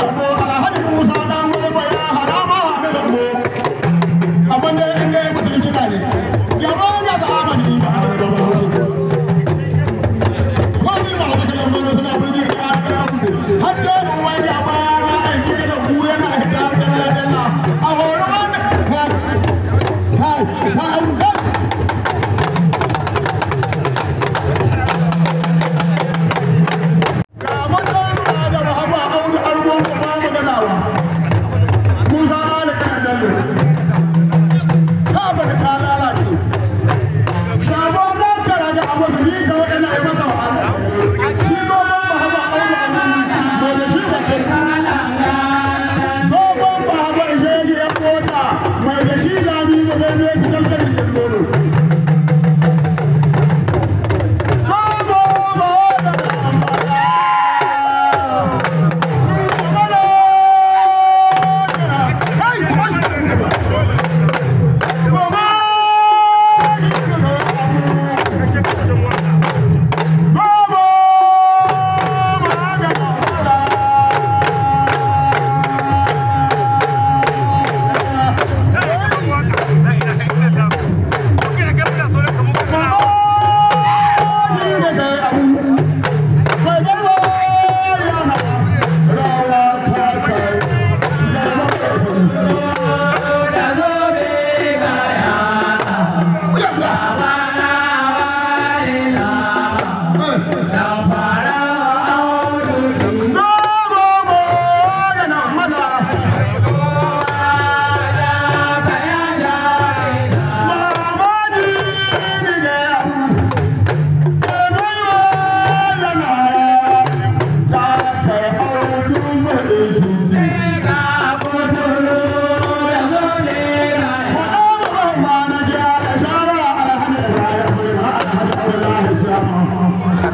Come on.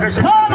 বেশি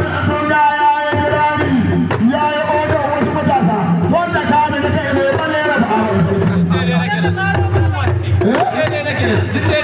is.